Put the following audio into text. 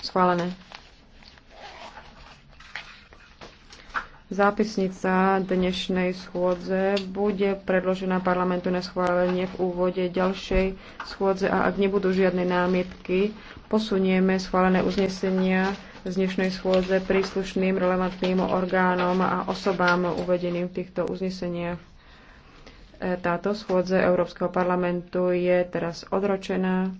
Schválené. Zápisnica dnešnej schôdze bude predložená parlamentu na schválenie v úvode ďalšej schôdze a ak nebudú žiadne námietky, posunieme schválené uznesenia z dnešnej schôdze príslušným relevantným orgánom a osobám uvedeným v týchto uzneseniach. E, táto schôdze Európskeho parlamentu je teraz odročená.